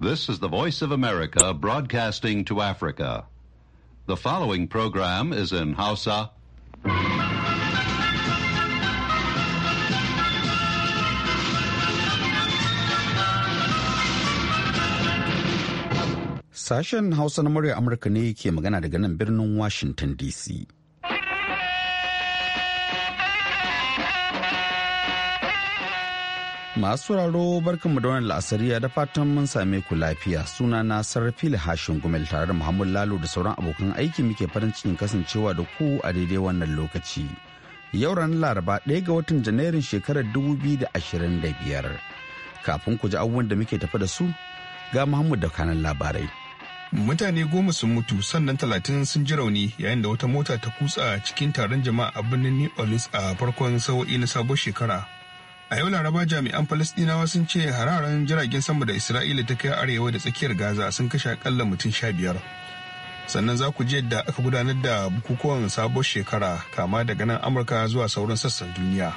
This is the Voice of America broadcasting to Africa. The following program is in Hausa. Sashen Hausa na murya Amurka ne ke magana daga nan birnin Washington DC. Masu sauraro mu da wannan la'asariya da fatan mun same ku lafiya suna na sarrafi hashin gumel tare da Muhammad Lalo da sauran abokan aiki muke farin cikin kasancewa da ku a daidai wannan lokaci. Yau ranar Laraba ɗaya ga watan Janairun shekarar da da ashirin biyar Kafin ku ji abubuwan da muke tafi da su ga Muhammad da kanan labarai. Mutane goma sun mutu sannan talatin sun ji rauni yayin da wata mota ta kutsa cikin taron jama'a a birnin New Orleans a farkon sa'o'i na sabon shekara. a yau laraba jami'an falastinawa sun ce hararen jiragen sama da isra'ila ta kai arewa da tsakiyar gaza sun kashe akalla mutum sha biyar sannan za ku ji yadda aka gudanar da bukukuwan sabon shekara kama daga nan amurka zuwa sauran sassan duniya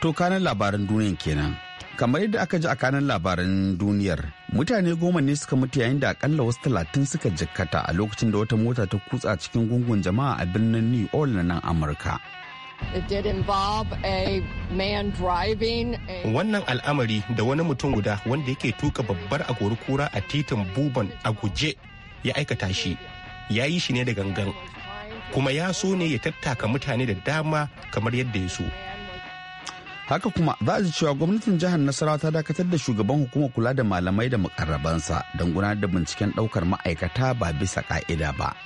to kanan labaran duniyan kenan kamar yadda aka ji a kanan labaran duniyar mutane goma ne suka mutu yayin da akalla wasu talatin suka jikkata a lokacin da wata mota ta kutsa cikin gungun jama'a a birnin new orleans nan amurka Wannan al'amari da wani mutum guda wanda yake tuka babbar agori kura a titin buban a guje ya aikata shi, ya yi shi ne da gangan, kuma ya so ne ya tattaka mutane da dama kamar yadda ya so. Haka kuma za a ji cewa gwamnatin jihar Nasarawa ta dakatar da shugaban hukumar kula da malamai da mukarrabansa don gudanar da binciken ɗaukar ma'aikata ba bisa ƙa'ida ba.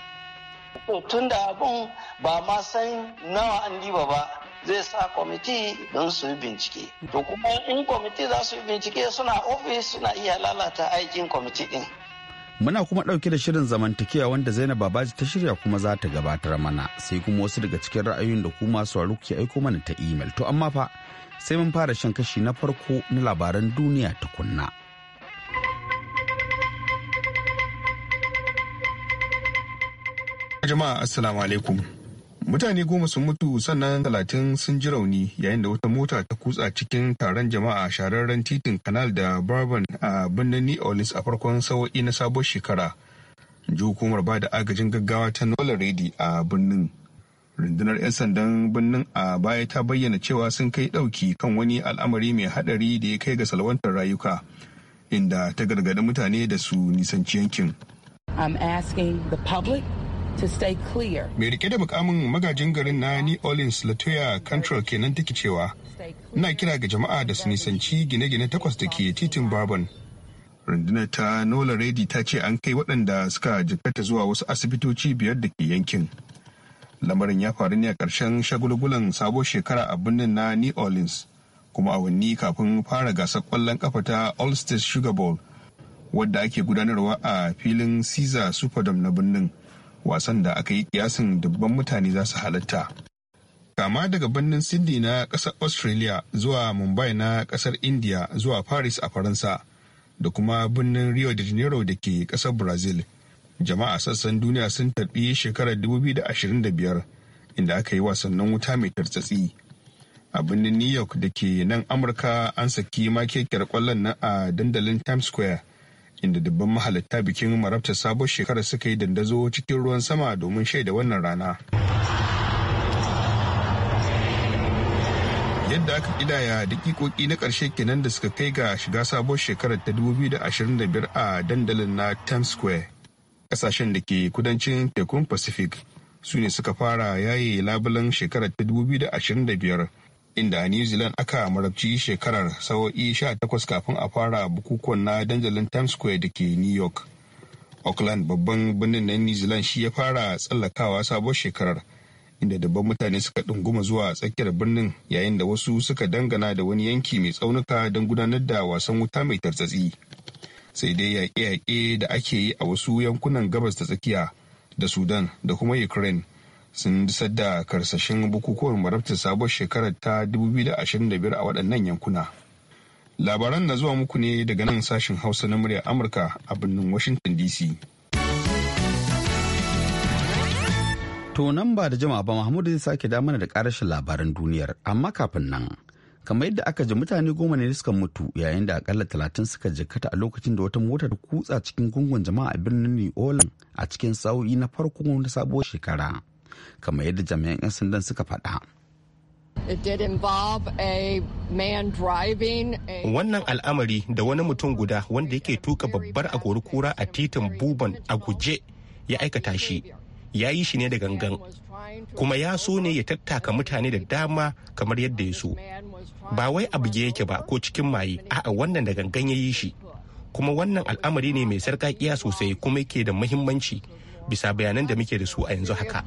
to tun da abun ba ma san nawa an diba ba zai sa kwamiti don su yi bincike to kuma in kwamiti za su yi bincike suna ofis suna iya lalata aikin kwamiti din Muna kuma ɗauke da shirin zamantakewa wanda Zainab Babaji ta shirya kuma za ta gabatar mana sai kuma wasu daga cikin ra'ayoyin da kuma sauraro ke aiko mana ta imel. To amma fa sai mun fara shan kashi na farko na labaran duniya ta kunna. Jama'a Assalamu alaikum. Mutane goma sun mutu sannan talatin sun ji rauni yayin da wata mota ta kutsa cikin taron jama'a shararren titin kanal da Bourbon a birnin New Orleans a farkon sawa'i na sabon shekara. Ji hukumar ba da agajin gaggawa ta Nola Ready a birnin. Rundunar 'yan sandan birnin a baya ta bayyana cewa sun kai ɗauki kan wani al'amari mai haɗari da ya kai ga salwantar rayuka, inda ta gargaɗi mutane da su nisanci yankin. I'm asking the public to stay clear. Mai rike da mukamin magajin garin na New Orleans Latoya Cantrell kenan take cewa ina kira ga jama'a da su nisanci gine-gine takwas da ke titin Bourbon. Rundunar ta Nola Reddy ta ce an kai waɗanda suka jikkata zuwa wasu asibitoci biyar da ke yankin. Lamarin ya faru ne a ƙarshen shagulgulan sabon shekara a birnin na New Orleans kuma awanni kafin fara gasar ƙwallon ƙafa ta All State Sugar Bowl wadda ake gudanarwa a filin Caesar Superdome na birnin. wasan da aka yi kiyasin dubban mutane za su halatta kama daga birnin sydney na ƙasar australia zuwa mumbai na ƙasar india zuwa paris a faransa da kuma birnin rio de janeiro da ke ƙasar brazil jama'a sassan duniya sun tarbi shekarar 2025 inda aka yi wasannin wuta mai tartsatsi a birnin new york da ke nan amurka an saki makekiyar kwallon nan a dandalin times square inda dubban mahalatta bikin marabta sabon shekara suka yi dandazo cikin ruwan sama domin shaida wannan rana. Yadda aka kidaya dakikoki na ƙarshe kenan da suka kai ga shiga sabon shekarar ta 2025 a dandalin na Times Square. Ƙasashen da ke kudancin tekun Pacific su ne suka fara yaye labulan shekarar ta 2025 inda a New Zealand aka marabci shekarar sa'o'i 18 kafin a fara bukukuwan na dandalin Times Square da ke New York. Auckland babban birnin na New Zealand shi ya fara tsallakawa sabuwar shekarar inda dabban mutane suka ɗunguma zuwa tsakiyar birnin yayin da wasu suka dangana da wani yanki mai tsaunuka don gudanar da wasan wuta mai tartsatsi. Sai dai yaƙe-yaƙe da ake yi a wasu yankunan gabas ta tsakiya da Sudan da kuma Ukraine sun dusar da karsashin bukukuwan marabtar sabuwar shekarar ta 2025 a waɗannan yankuna. Labaran na zuwa muku ne daga nan sashen Hausa na muryar Amurka a birnin Washington DC. To nan ba da jama'a ba Mahmudu zai sake damana da karashin labaran duniyar amma kafin nan kamar yadda aka ji mutane goma ne suka mutu yayin da akalla talatin suka jikkata a lokacin da wata mota ta kutsa cikin gungun jama'a a birnin New Orleans a cikin sa'o'i na farko na sabuwar shekara. kamar yadda jami'an 'yan sandan suka faɗa. Wannan al'amari da wani mutum guda wanda yake tuka babbar agori kura a titin buban a guje ya aikata shi, ya yi shi ne da gangan, kuma ya so ne ya tattaka mutane da dama kamar yadda ya so. Ba wai a abu yake ba ko cikin maye, a'a wannan da gangan ya yi shi. Kuma wannan al'amari ne mai sarƙaƙiya sosai kuma yake da muhimmanci. bisa bayanan da muke da su a yanzu haka.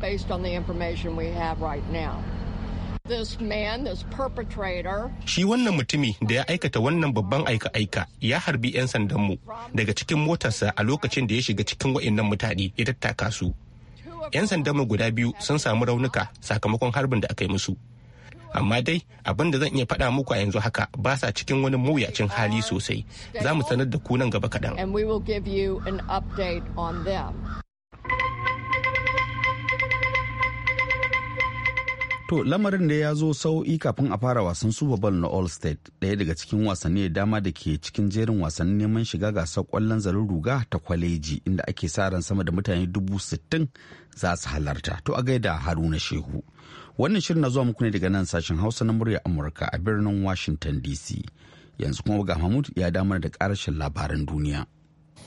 Shi wannan mutumi da ya aikata wannan babban aika-aika ya harbi 'yan sandanmu daga cikin motarsa a lokacin da ya shiga cikin wa'innan mutane ya tattaka su. 'Yan sandanmu guda biyu sun samu raunuka sakamakon harbin da aka yi musu. Amma dai abin da zan iya faɗa muku a yanzu haka ba sa cikin wani mawuyacin hali sosai. Za mu sanar da ku nan gaba kaɗan. To lamarin da ya zo sau'i kafin a fara wasan Super Bowl na All State, ɗaya daga cikin wasanni da dama da ke cikin jerin wasannin neman shiga gasar ƙwallon zarin ruga ta kwaleji inda ake sa ran sama da mutane dubu sittin za su halarta. To a gaida Haruna Shehu. Wannan shirin na zuwa muku ne daga nan sashen Hausa na muryar Amurka a birnin Washington DC. Yanzu kuma ga Mahmud ya damar da ƙarashin labaran duniya.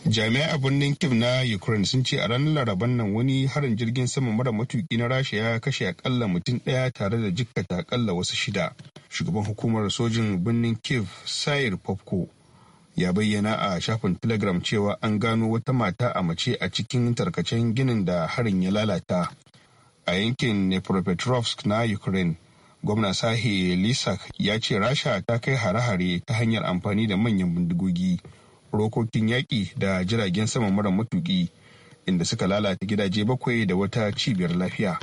jami'ai a birnin kiv na ukraine sun ce a ranar laraban nan wani harin jirgin sama mara matuki na rasha ya kashe akalla mutum ɗaya tare da jikkata akalla wasu shida shugaban hukumar sojin birnin kiv sayir popko ya bayyana a shafin telegram cewa an gano wata mata a mace a cikin tarkacen ginin da harin ya lalata a yankin nepropetrovsk na ukraine gwamna sahi lisak ya ce rasha ta kai hare-hare ta hanyar amfani da manyan bindigogi rokokin yaƙi da jiragen sama mara matuƙi inda suka lalata gidaje bakwai da wata cibiyar lafiya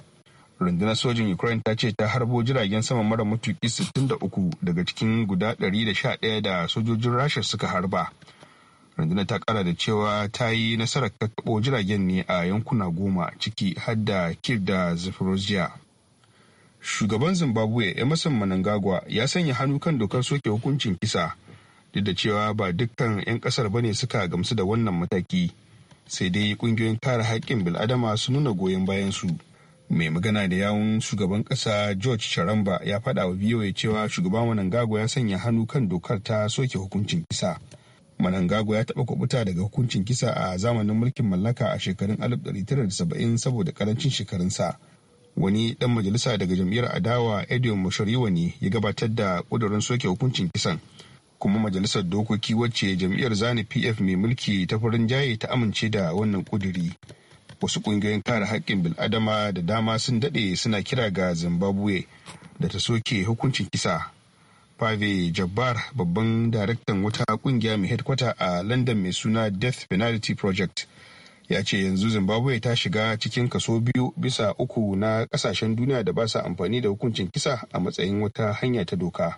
rundunar sojin ukraine ta ce ta harbo jiragen sama mara matuƙi 63 daga cikin guda 111 da sojojin rasha suka harba rundunar ta kara da cewa ta yi nasarar kakkaɓo jiragen ne a yankuna goma ciki har da kir da zafirozia shugaban zimbabwe emerson manangagwa ya sanya hannu kan dokar soke hukuncin kisa duk da cewa ba dukkan 'yan kasar bane suka gamsu da wannan mataki sai dai kungiyoyin kare haƙƙin bil'adama su nuna goyon bayan su mai magana da yawun shugaban ƙasa george sharamba ya faɗa wa ya cewa shugaban manangago ya sanya hannu kan dokar ta soke hukuncin kisa manangago ya taɓa kwabuta daga hukuncin kisa a zamanin mulkin mallaka a shekarun 1970 saboda karancin shekarunsa wani dan majalisa daga jam'iyyar adawa edwin mashariwa ne ya gabatar da ƙudurin soke hukuncin kisan kuma majalisar dokoki wacce jam'iyyar zani pf mai mulki ta farin jaye ta amince da wannan kuduri wasu kungiyoyin kare haƙƙin bil'adama da dama sun daɗe suna kira ga zimbabwe da ta soke hukuncin kisa Pave Jabbar babban daraktan wata kungiya mai hedkwata a London mai suna Death Penalty Project ya ce yanzu Zimbabwe ta shiga cikin kaso biyu bisa uku na kasashen duniya da ba sa amfani da hukuncin kisa a matsayin wata hanya ta doka.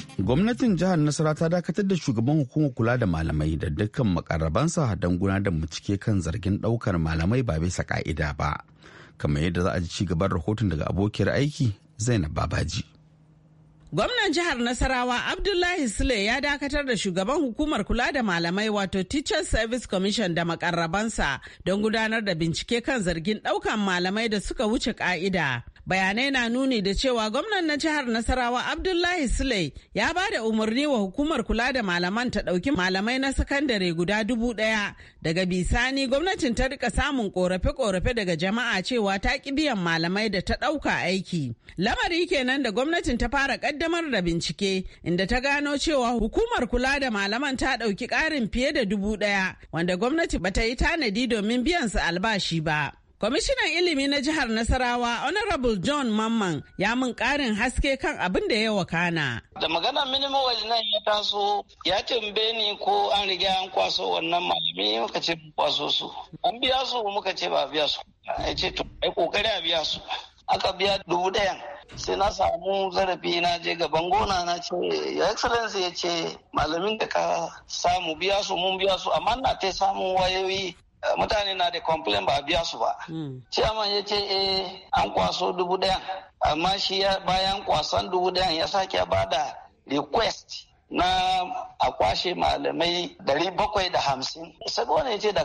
Gwamnatin jihar Nasara ta dakatar da shugaban hukumar kula da malamai da dukkan makarabansa don gudanar da bincike kan zargin daukar malamai ba bisa ka'ida ba. Kamar yadda za a ji ci gaban rahoton daga abokiyar aiki Zainab Babaji. Gwamnan jihar Nasarawa Abdullahi Sule ya dakatar da shugaban hukumar kula da malamai wato Teacher Service Commission da makarrabansa don gudanar da bincike kan zargin daukan malamai da suka wuce ka'ida. bayanai na nuni da cewa gwamnan na jihar nasarawa abdullahi Sulai ya ba da umarni wa hukumar kula da malaman ta ɗauki malamai na sakandare guda dubu ɗaya daga bisani gwamnatin ta rika samun korafe-korafe daga jama'a cewa ta ki biyan malamai da ta ɗauka aiki lamari kenan da gwamnatin ta fara ƙaddamar da bincike inda ta gano cewa hukumar kula da malaman ta ɗauki ƙarin fiye da dubu ɗaya wanda gwamnati bata yi tanadi domin biyan su albashi ba Kwamishinan ilimi na jihar Nasarawa Honorable John Mamman ya mun karin haske kan abin da ya wakana. Da magana minimum wage nan ya taso ya tambe ni ko an riga an kwaso wannan malami muka ce kwaso su. An biya su muka ce ba biya su. Ya ce to ai kokari a biya su. Aka biya dubu ɗayan. sai na samu zarafi na je gaban gona na ce ya excellence ya ce malamin da ka samu biya su mun biya su amma na ta samun wayoyi Eh, mutane na da complain ba a biya su ba hmm. ciyaman ya ce eh an kwaso dubu ɗayan amma shi bayan kwasan dubu ɗaya. ya sake ba da request na a kwashe malamai dari bakwai da hamsin sai gona ya ce da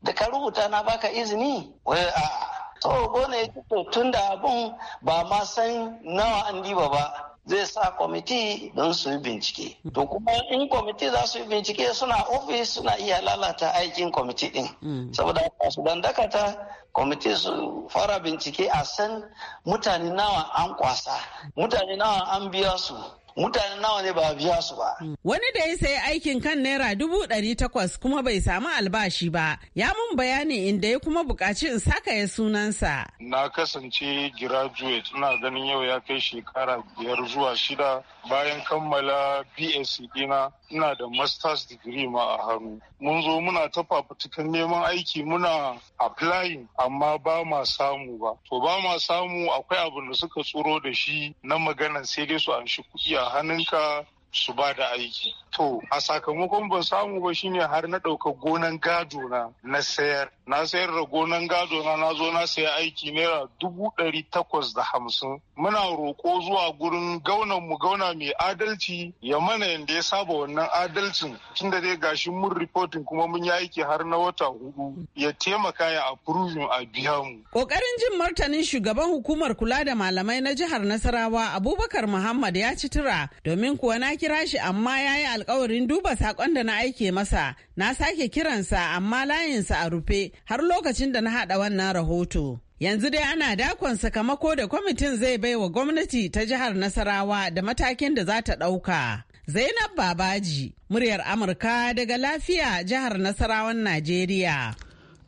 da ka rubuta na baka izini wai a So, gona ya ce tun da abun ba ma san nawa an diba ba zai sa kwamiti don su yi bincike. Hmm. To kuma in kwamiti za su yi bincike suna ofis suna iya lalata aikin kwamiti din. Hmm. Saboda su dan dakata kwamiti su fara bincike a san mutane nawa an kwasa, mutane nawa an biya su. mutane nawa ne ba biya su ba. Wani da ya sayi aikin kan naira dubu ɗari takwas kuma bai samu albashi ba, ya mun bayani inda ya kuma buƙaci in saka ya sunansa. Na kasance graduate ina ganin yau ya kai shekara biyar zuwa shida bayan kammala BSc dina. ina da masters degree ma a hannu mun zo muna ta fafutukan neman aiki muna applying amma ba ma samu ba to ba ma samu akwai abin da suka tsoro da shi na magana sai dai su amshi kuɗi a hannunka su ba da aiki. To, a sakamakon ban samu ba shine har na ɗauka gonan gado na na sayar. Na sayar da gonan gado na na zo na saya aiki naira dubu ɗari takwas da hamsin. Muna roƙo zuwa gurin gaunan mu gauna mai adalci ya mana yadda ya saba wannan adalcin tunda dai gashi mun reporting kuma mun yi aiki har na wata hudu ya taimaka ya approving a biya mu. Ƙoƙarin jin martanin shugaban hukumar kula da malamai na jihar Nasarawa Abubakar Muhammad ya ci tura domin kuwa na kira shi amma ya yi alkawarin duba sakon da na aike masa na sake kiransa amma layinsa a rufe har lokacin da na haɗa wannan rahoto. Yanzu dai ana dakon sakamako da kwamitin zai bai wa gwamnati ta jihar Nasarawa da matakin da za ta ɗauka. Zainab Babaji, muryar Amurka daga lafiya jihar Nasarawan Najeriya.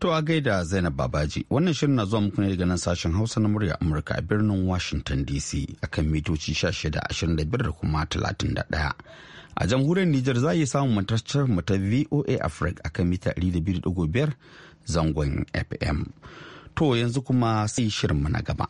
To a gaida Zainab Babaji, wannan shirin na zuwa muku ne daga nan sashen Hausa na murya Amurka a birnin Washington DC a kan mitoci 1625 da kuma 31. A jamhuriyar Nijar za a yi samun mu mata VOA Africa kan mita 200.5 zangon FM. To yanzu kuma sai shirin na gaba.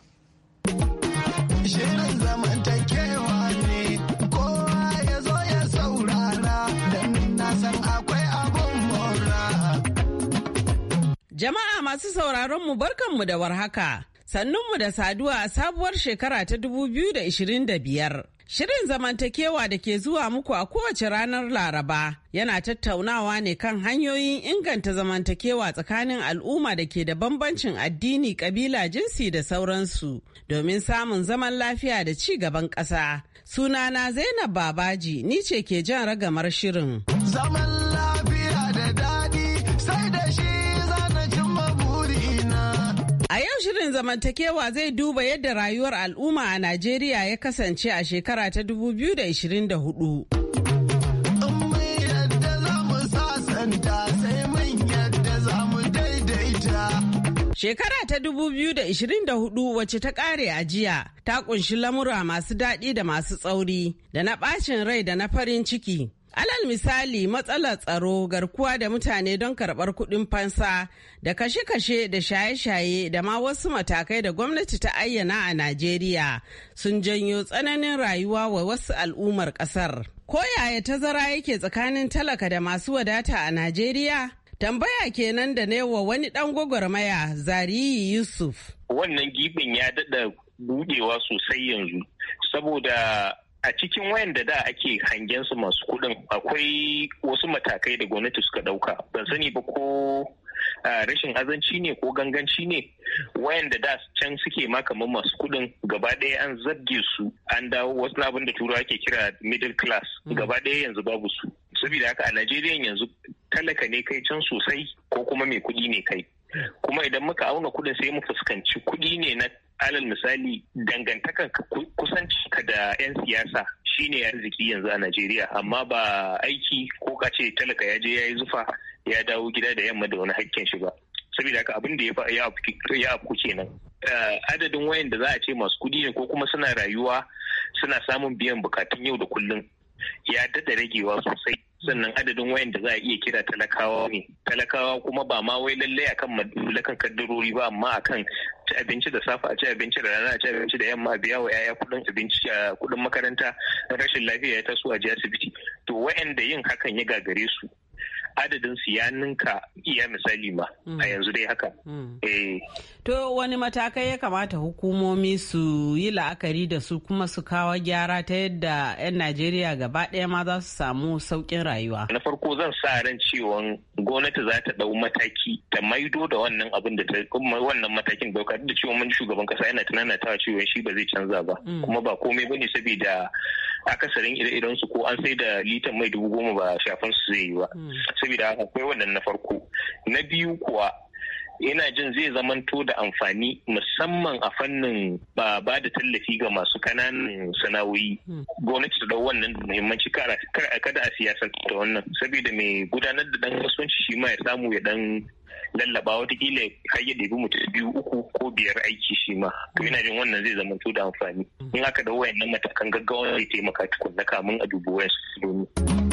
Jama'a masu sauraron mu barkanmu da warhaka. Sannunmu da saduwa a sabuwar shekara ta 2025. Shirin zamantakewa da ke zuwa muku a kowace ranar Laraba yana tattaunawa ne kan hanyoyin inganta zamantakewa tsakanin al'umma da ke da bambancin addini, kabila, jinsi da sauransu domin samun zaman lafiya da ci gaban ƙasa. Sunana Zainab Babaji ni ce ke jan ragamar shirin. Zaman lafiya. A yau shirin zamantakewa zai duba yadda rayuwar al'umma a Najeriya ya kasance a shekara ta 2024. Shekara ta 2024 wacce ta kare a jiya ta kunshi lamura masu daɗi da masu tsauri da na ɓacin rai da na farin ciki Alal misali matsalar tsaro garkuwa da mutane don karbar kuɗin fansa da kashe-kashe da shaye-shaye da ma wasu matakai da gwamnati ta ayyana a Najeriya sun janyo tsananin rayuwa wa wasu al'ummar ƙasar. Koyaya tazara yake tsakanin talaka da masu wadata a Najeriya? Tambaya kenan da wa wani ɗan gwagwarmaya Zariyi Yusuf. Wannan gibin ya daɗa buɗewa sosai yanzu saboda a cikin wayanda da ake hangen su masu kudin akwai wasu matakai da gwamnati suka dauka ban sani ba ko rashin azanci ne ko ganganci ne wayanda da can suke ma kamar masu kudin gaba ɗaya an zarge su an dawo wasu abin da turawa ke kira middle class hmm. gaba ɗaya yanzu babu su saboda haka a najeriya yanzu talaka ne kai can sosai ko kuma mai kuɗi ne kai kuma idan muka auna kuɗin sai mu fuskanci kuɗi ne na alal misali dangantakan ka da 'yan siyasa shine arziki yanzu a Najeriya amma ba aiki ko ka ce talaka ya je ya yi zufa ya dawo gida da yamma da wani hakkin shi ba saboda haka abin da ya afku kenan eh, adadin wayan da za a ce masu kudi ne ko kuma suna rayuwa suna samun biyan bukatun yau da kullum ya dada ragewa sosai sannan adadin wayanda za a iya kira talakawa ne talakawa kuma ba ma wai lallai akan madulakan kaddarori ba amma akan ci abinci da safa a ci abinci da rana a ci abinci da yamma a biya wa yaya kudin abinci a kudin makaranta rashin lafiya ya taso a ji asibiti to wayanda yin hakan ya gagare su adadin su ya ninka iya misali ma a hmm. yanzu dai haka. Hmm. Eh. To wani matakai ya kamata hukumomi su yi la'akari da su kuma su kawo gyara ta yadda 'yan Najeriya gaba ɗaya ma za su samu saukin rayuwa. Na farko zan sa ran cewa gwamnati za ta ɗau mataki ta maido da wannan abin da ta wannan matakin ɗauka da cewa mun shugaban kasa yana ta cewa shi ba zai canza ba. Hmm. Kuma ba komai bane saboda akasarin ire-iren ko an sai da litan mai dubu goma ba shafan su zai yi ba. saboda haka akwai wannan na farko na biyu kuwa ina jin zai zamanto da amfani musamman a fannin ba da tallafi ga masu kananan sana'o'i hmm. gwamnati ta dau wannan muhimmanci kada a siyasar ta wannan saboda mai gudanar da dan kasuwanci shi ma ya samu ya dan lallaba watakila har ya ɗebi mutum biyu uku ko biyar aiki shi ma to ina jin wannan zai zama da amfani hmm. in aka da wayannan matakan gaggawa zai taimaka tukunna kamun a dubi wayansu domin.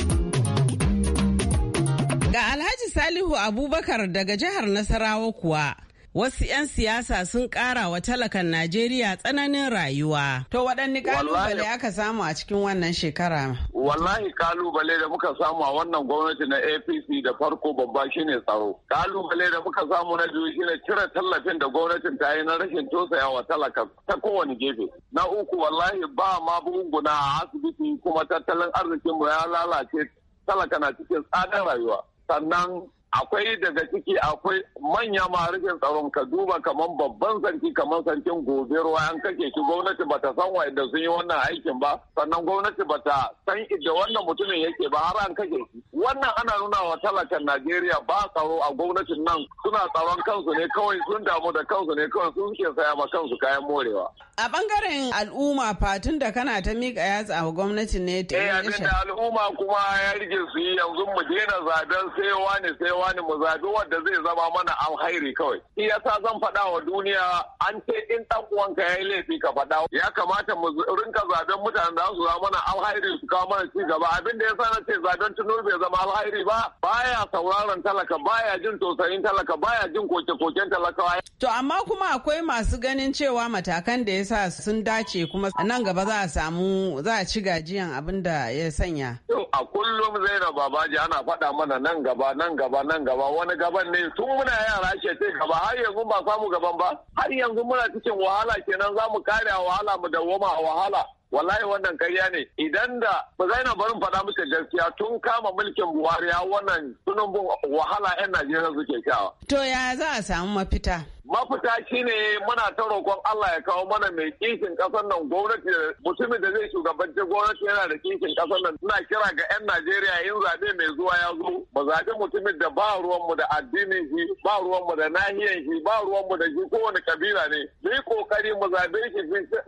Ga Alhaji Salihu Abubakar daga jihar Nasarawa kuwa. Wasu 'yan siyasa sun ƙara wa talakan Najeriya tsananin rayuwa. To waɗanne kalubale aka samu a cikin wannan shekara? Wallahi kalubale da muka samu a wannan gwamnati na APC da farko babba shine tsaro. Kalubale da muka samu na biyu shine cire tallafin da gwamnatin ta yi na rashin wa talaka ta kowane gefe. Na uku wallahi ba ma buguna a asibiti kuma tattalin arzikinmu ya lalace talaka na cikin tsadar rayuwa. 担当。akwai daga ciki akwai manya marikin tsaron ka duba kamar babban sarki kamar sarkin gobe ruwa an kake shi gwamnati bata san wa'anda sun yi wannan aikin ba sannan gwamnati bata san idan wannan mutumin yake ba har an kake shi wannan ana nuna wa talakan najeriya ba tsaro a gwamnatin nan suna tsaron kansu ne kawai sun damu da kansu ne kawai sun ke saya ma kansu kayan morewa a bangaren al'umma fatun da kana ta mika yatsa a gwamnati ne ta yi eh, al'umma kuma ya rige su yi yanzu mu daina zaben sai wani sai ne mu zabi wanda zai zama mana alhairi kawai shi yasa zan faɗa wa duniya an ce in ɗan uwanka ya yi laifi ka faɗa ya kamata mu rinka zaben mutanen da su zama mana alhairi su kawo mana ci gaba abin da yasa na ce zaben tunur bai zama alhairi ba baya sauraron talaka baya jin tausayin talaka baya jin koke-koken talakawa to amma kuma akwai masu ganin cewa matakan da ya sa sun dace kuma nan gaba za a samu za a ci gajiyan abin da ya sanya a kullum zainab babaji ana faɗa mana nan gaba nan gaba nan gaba wani gaban ne tun muna yara ce ce gaba har yanzu ba samu gaban ba har yanzu muna cikin wahala kenan za mu kare a wahala mu dawwama a wahala wallahi wannan karya ne idan da ba zai na barin faɗa muke gaskiya tun kama mulkin buhari wannan sunan wahala 'yan najeriya suke kyawa. to ya za a samu mafita. mafita shi ne muna ta roƙon Allah ya kawo mana mai kishin ƙasar nan gwamnati mutumin da zai shugabanci gwamnati yana da kishin ƙasar nan suna kira ga 'yan Najeriya yin zaɓe mai zuwa ya zo ba zaɓi mutumin da ba ruwanmu da addinin shi ba ruwanmu da nahiyan shi ba ruwanmu da shi kowane kabila ne zai ƙoƙari mu zaɓe shi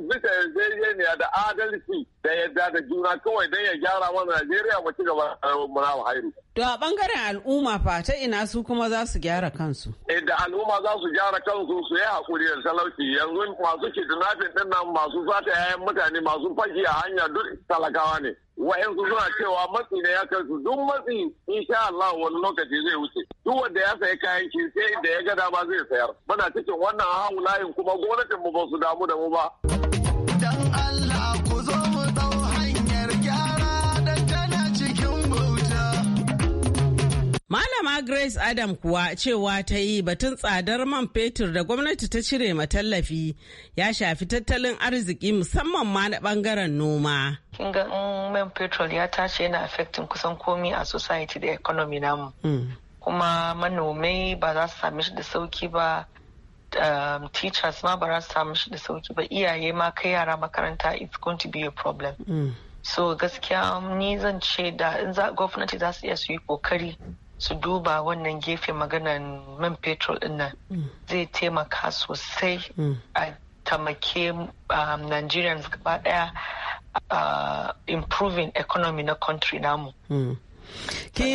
bisa yarjejeniya da adalci da yadda da juna kawai don ya gyara mana Najeriya ba ci gaba muna hairu. To a bangaren al'umma fa ta ina su kuma za su gyara kansu. Idan eh, al'umma za su gyara kansu su yi hakuri da talauci yanzu masu kidnapping din nan masu sata yayan mutane masu faki a hanya duk talakawa ne. Wa'yansu suna cewa matsi ne ya kai su duk matsi sha Allah wani lokaci zai wuce. Duk wanda ya sayi kayan shi sai inda ya ga dama zai sayar. Muna cikin wannan layin kuma gwamnatin mu ba su damu da mu ba. Dan Allah Malama Grace Adam kuwa cewa ta yi batun tsadar man fetur da gwamnati ta cire matallafi ya shafi tattalin arziki musamman ma na bangaren noma. kinga ga in man fetur ya tashi yana affecting kusan komi a society da economy namu. Hmm. Kuma manomai ba za su sami shi da sauki ba, um, teachers ma ba za su sami shi da sauki ba, iyaye ma kai yara makaranta it's going to be a problem. Hmm. So gaskiya ni zan ce da in za su iya su yi kokari. su duba wannan gefe maganan man fetur dinnan mm. zai taimaka sosai mm. a tamake um, nigerians gaba daya uh, improving economy na country namu mm. ke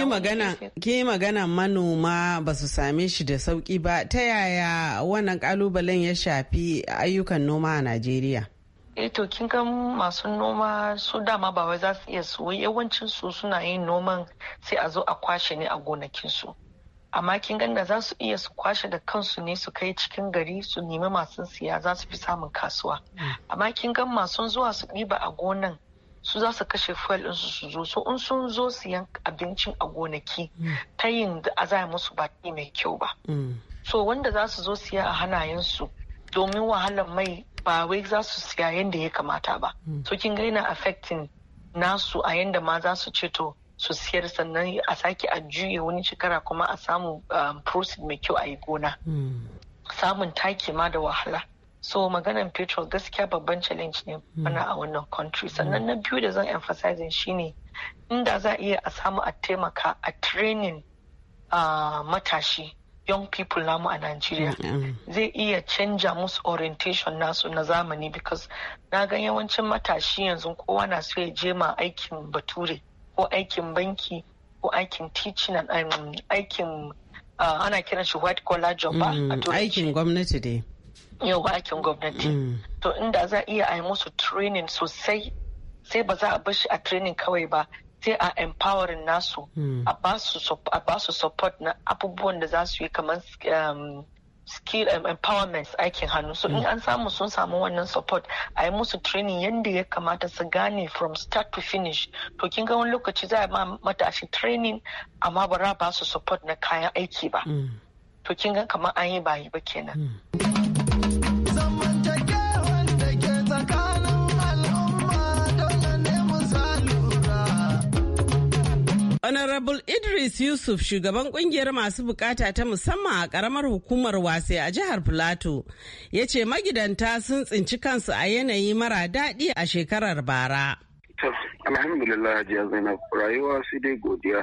yi magana manoma ba su same shi da sauki ba ta yaya wannan kalubalen ya shafi ayyukan noma a najeriya eh to kin ga masu noma su dama ba wai za su iya su yawancin su suna yin noman sai a zo a kwashe ne a gonakin su amma kin ganda za su iya su kwashe da kansu ne su kai cikin gari su nemi masu siya za su fi samun kasuwa amma kin ga masu zuwa su ɗiba a gonan su za su kashe fuel din su su zo so in sun zo siyan abincin a gonaki ta yin a za musu baki mai kyau ba mm. so wanda za su zo siya a hannayen su domin wahalar mai ba wai za su siya yadda ya kamata ba hmm. so kin ga yana affecting nasu a yadda ma za su ce to su siyar sannan a sake a juye wani shekara kuma a samu um, proceed mai kyau a yi gona hmm. samun taki ma da wahala so maganan petrol gaskiya babban challenge ne bana hmm. a wannan country sannan na biyu da zan emphasizing shine inda za a iya a samu a taimaka a training uh, matashi young people namu a Najeriya zai iya canja musu orientation nasu na zamani because na ga yawancin matashi yanzu kowa na so ya je ma aikin bature ko aikin banki ko aikin teaching and um, aikin uh, ana kiran shi white collar job ba aikin gwamnati dai yau aikin gwamnati mm. to inda za a iya ai musu training sosai sai ba za a bar shi a training kawai ba sai a empowering nasu hmm. a ba su support na abubuwan da za su yi kamar um, skill and um, empowerment aikin hannu so in hmm. an samu sun samu wannan support a yi musu training yadda ya kamata su gane from start to finish to kin ga wani lokaci za a ma matashi training amma ba ra ba su support na kayan aiki ba hmm. to kin ga kamar an yi bayi ba kenan Honorable Idris Yusuf shugaban kungiyar masu bukata ta musamman a karamar hukumar wasai a jihar Filato ya ce magidanta sun tsinci kansu a yanayi mara daɗi a shekarar bara. Alhamdulillah Hajiya Zainab rayuwa sai dai godiya.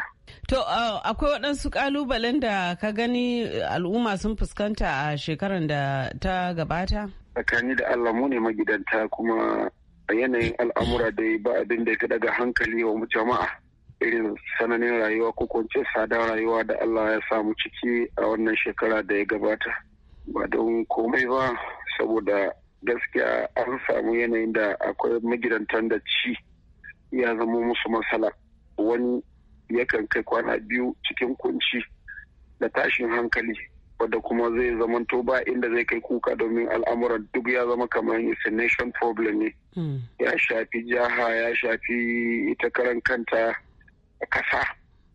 To uh, akwai waɗansu ƙalubalen da ka gani al'umma sun fuskanta a shekarar da ta gabata? Tsakani da Allah mu ne magidanta kuma a yanayin al'amura dai ba abin da ya daga hankali wa jama'a. irin sananin rayuwa ko kwance sadar rayuwa da Allah ya samu ciki a wannan shekara da ya gabata ba don komai ba saboda gaskiya an samu yanayin da akwai magidantan da ci ya zama musu matsala wani yakan kai kwana biyu cikin kunci da tashin hankali wadda kuma zai zamanto ba inda zai kai kuka domin al'amuran duk ya zama kamar insinuation problem ne hmm. ya shafi jaha ya shafi ita karan kanta kasa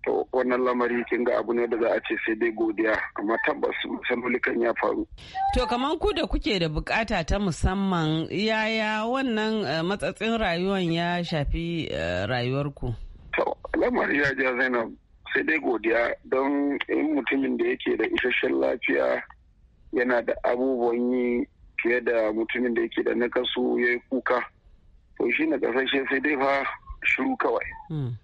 to wannan lamari kin ga abu ne da za a ce sai dai godiya amma tabbas sanulikan ya faru. To kamar ku da kuke da bukata ta musamman yaya wannan eh, matsatsin rayuwan ya shafi eh, rayuwarku? To lamari ya ja Zainab sai dai godiya don in mutumin da yake da isasshen lafiya yana da abubuwan yi fiye da mutumin da yake da nakasu ya yi kuka. To shi na kasashe sai dai fa shiru kawai. Hmm.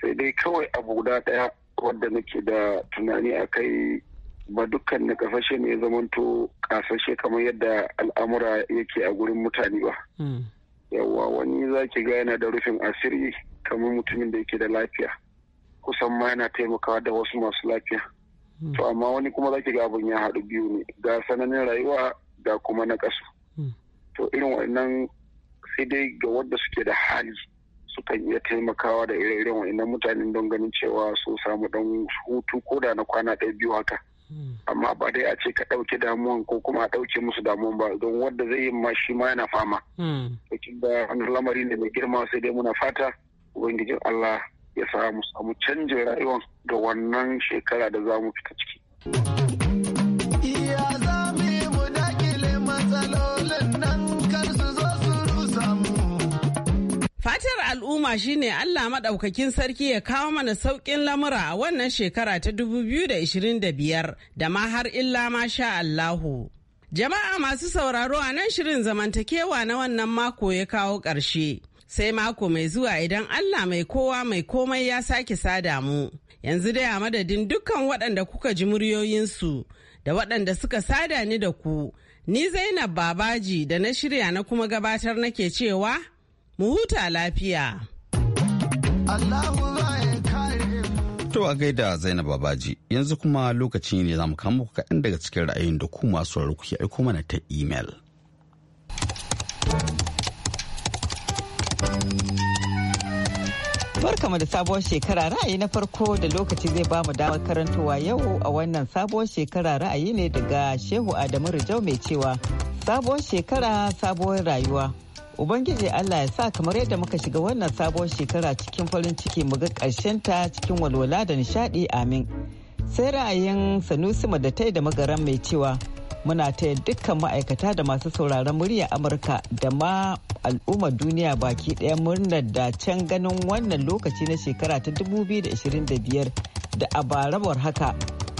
sai dai kawai abu guda ɗaya wadda nake da tunani a kai ba dukkan na kasashe ne ya zamanto kasashe kamar yadda al'amura yake a gurin mutane ba hmm. yawwa wani za ki ga yana da rufin asiri kamar mutumin da yake da lafiya kusan ma yana taimakawa da wasu masu lafiya hmm. to amma wani kuma za ki ga abin ya haɗu biyu ne ga sananin rayuwa ga kuma na ƙasa hmm. to irin wannan sai dai ga wadda suke da hali sukan iya taimakawa da ire-iren wa'annan mutane don ganin cewa su samu dan hutu ko da na kwana ɗaya biyu haka hmm. amma ba dai a ce ka ɗauke damuwan ko kuma a ɗauke musu damuwan ba don wanda zai yi ma shi ma yana fama cikin hmm. da wani lamari ne mai girma sai dai muna fata ubangijin Allah ya samu samu canjin rayuwan ga wannan shekara da za mu fita ciki. Fatar al'umma shine Allah maɗaukakin sarki ya kawo mana sauƙin lamura a wannan shekara ta 2025 da ma har illa ma sha Allahu. Jama'a masu sauraro a nan shirin zamantakewa na wannan mako ya kawo ƙarshe. Sai mako mai zuwa idan Allah mai kowa mai komai ya sake sada mu. Yanzu dai a madadin dukkan waɗanda kuka ji muryoyinsu da waɗanda suka sada ni da ku. Ni Zainab Babaji da na shirya na kuma gabatar nake cewa. mu huta lafiya. To a gaida Zainab Babaji yanzu kuma lokaci ne za mu kama muku kaɗan daga cikin ra'ayin da ku masu ku ke aiko mana ta imel. Barkama da sabuwar shekara ra'ayi na farko da lokaci zai ba mu damar karantawa yau a wannan sabuwar shekara ra'ayi ne daga Shehu Adamu Rijau mai cewa sabuwar shekara sabuwar rayuwa. Ubangiji Allah ya sa kamar yadda muka shiga wannan sabuwar shekara cikin farin ciki muga ga ta cikin walwala da nishaɗi amin. Sai ra'ayin Sanusi Madatai da magaran mai cewa muna taya dukkan ma'aikata da masu sauraron murya Amurka da ma al'ummar duniya baki ɗaya murnar da can ganin wannan lokaci na shekara ta 2025 da a barabar haka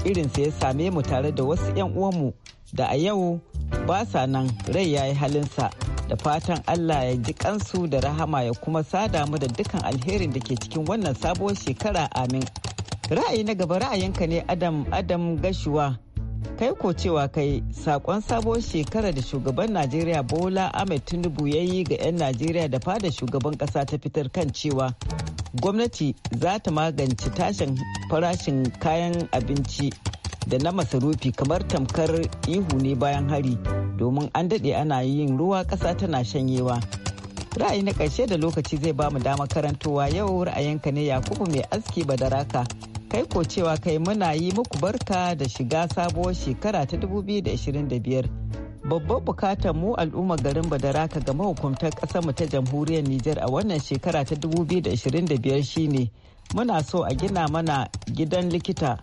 irinsa ya same mu tare da wasu 'yan uwanmu da a yau ba sa nan rai ya yi halinsa da fatan Allah ya ji kansu da rahama ya kuma sada mu da dukkan alherin da ke cikin wannan sabuwar shekara amin. Ra'ayi na gaba ra'ayinka ne Adam Adam Gashuwa. kai ko cewa kai sakon sabon shekara da shugaban najeriya bola ahmed tinubu ya yi ga 'yan najeriya da fada shugaban kasa ta fitar kan cewa gwamnati za ta magance tashin farashin kayan abinci da na masarufi kamar tamkar ihu ne bayan hari domin an daɗe ana yin ruwa ƙasa tana shanyewa ra'ayi na ƙarshe da lokaci zai ba mu dama karantowa yau ra'ayinka ne yakubu mai aski badaraka kai ko cewa kai muna yi muku barka da shiga sabuwar shekara ta 2025 babban bukatar mu al'umma garin badara ka ga mahukuntar mu ta jamhuriyar nijar a wannan shekara ta 2025 shine muna so a gina mana gidan likita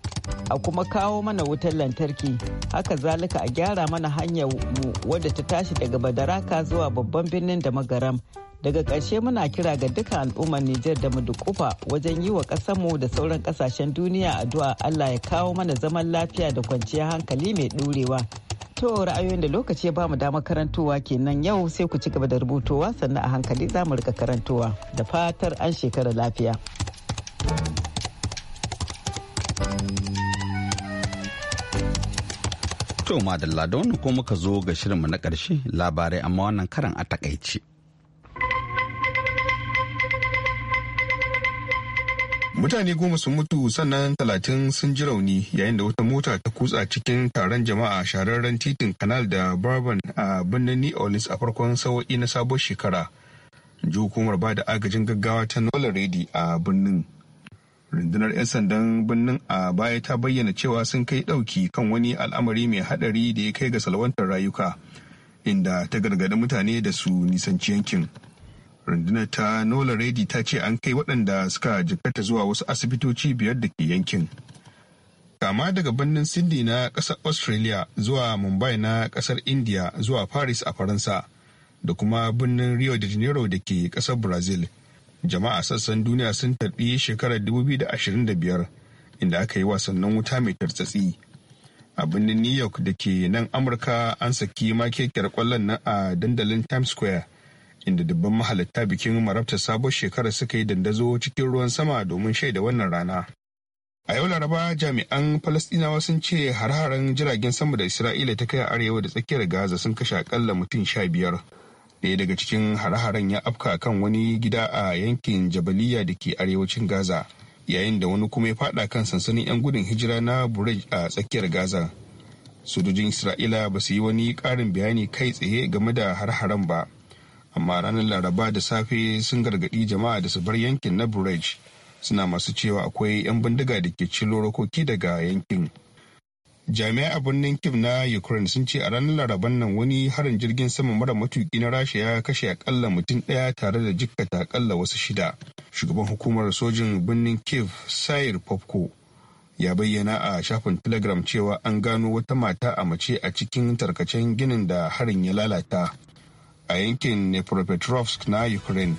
a kuma kawo mana wutar lantarki haka zalika a gyara mana hanyar mu wadda ta tashi daga badaraka zuwa babban birnin da magaram daga ƙarshe muna kira ga duka al'ummar nijar da mu dukufa wajen yi wa ƙasarmu da sauran ƙasashen duniya addu'a allah ya kawo mana zaman lafiya da kwanciyar hankali mai ɗorewa to ra'ayoyin da lokaci ya bamu dama karantowa kenan yau sai ku ci gaba da rubutowa sannan a hankali za mu rika karantowa da fatar an shekara lafiya. To madalla da wannan ko muka zo ga shirinmu na ƙarshe labarai amma wannan karan a takaice. Mutane goma sun mutu sannan talatin sun ji rauni yayin da wata mota ta kutsa cikin taron jama'a shahararren titin kanal da Bourbon a birnin New Orleans a farkon sawa'i na sabon shekara. Ji hukumar ba da agajin gaggawa ta Nola Ready a birnin. rundunar 'yan sandan birnin a baya ta bayyana cewa sun kai ɗauki kan wani al'amari mai haɗari da ya kai ga salwantar rayuka inda ta gargaɗi mutane da su nisanci yankin rundunar ta nola redi ta ce an kai waɗanda suka jikarta zuwa wasu asibitoci biyar da ke yankin kama daga birnin sydney na ƙasar australia zuwa mumbai na ƙasar india zuwa paris a faransa da kuma birnin rio de janeiro da ke ƙasar brazil jama'a sassan duniya sun tarbi shekarar 2025 inda aka yi wasannin wuta mai tartsatsi a birnin new york da ke nan amurka an saki makekiyar kwallon nan a dandalin times square inda dubban mahalatta bikin marabta sabon shekarar suka yi dandazo cikin ruwan sama domin shaida wannan rana a yau laraba jami'an falastinawa sun ce har-haren jiragen sama da isra'ila ta kai arewa da tsakiyar gaza sun kashe akalla mutum sha biyar ɗaya daga cikin hare-haren ya afka kan wani gida a yankin jabaliya da ke arewacin gaza yayin da wani kuma ya fada kan sansanin 'yan gudun hijira na burej a tsakiyar gaza sojojin isra'ila ba su yi wani ƙarin bayani kai tsaye game da har-haren ba amma ranar laraba da safe sun gargaɗi jama'a da su bar yankin na burej suna masu cewa akwai 'yan bindiga da ke cilo rokoki daga yankin jami'ai a birnin kiev na ukraine sun ce a ranar laraban nan wani harin jirgin sama mara matuki na rasha ya kashe akalla mutum daya tare da jikkata akalla wasu shida shugaban hukumar sojin birnin kiv sayir popko ya bayyana a shafin telegram cewa an gano wata mata a mace a cikin tarkacen ginin da harin ya lalata a yankin nepropetrovsk na ukraine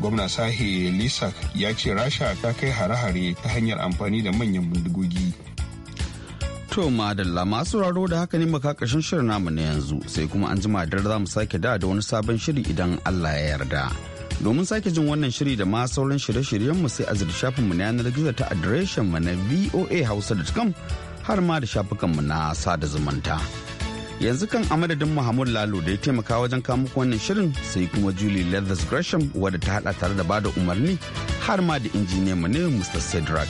gwamna sahi lisak ya ce rasha ta kai hare-hare ta hanyar amfani da manyan bindigogi To madalla masu raro da haka ne maka shirin namu na yanzu sai kuma an jima da za mu sake da da wani sabon shiri idan Allah ya yarda. Domin sake jin wannan shiri da ma sauran shirye-shiryenmu sai a zira shafinmu na yanar gizo ta adireshin mu na voahausa.com har ma da shafukanmu na sada zumunta. Yanzu kan amadadin madadin Muhammad Lalo da ya taimaka wajen kamu wannan shirin sai kuma Julie Leathers Gresham wadda ta hada tare da bada umarni har ma da injiniyan mu ne Mr. Cedric.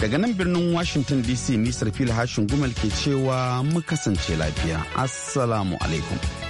Daga nan birnin Washington DC nisar fili hashin gumal ke cewa mu kasance lafiya. Assalamu alaikum.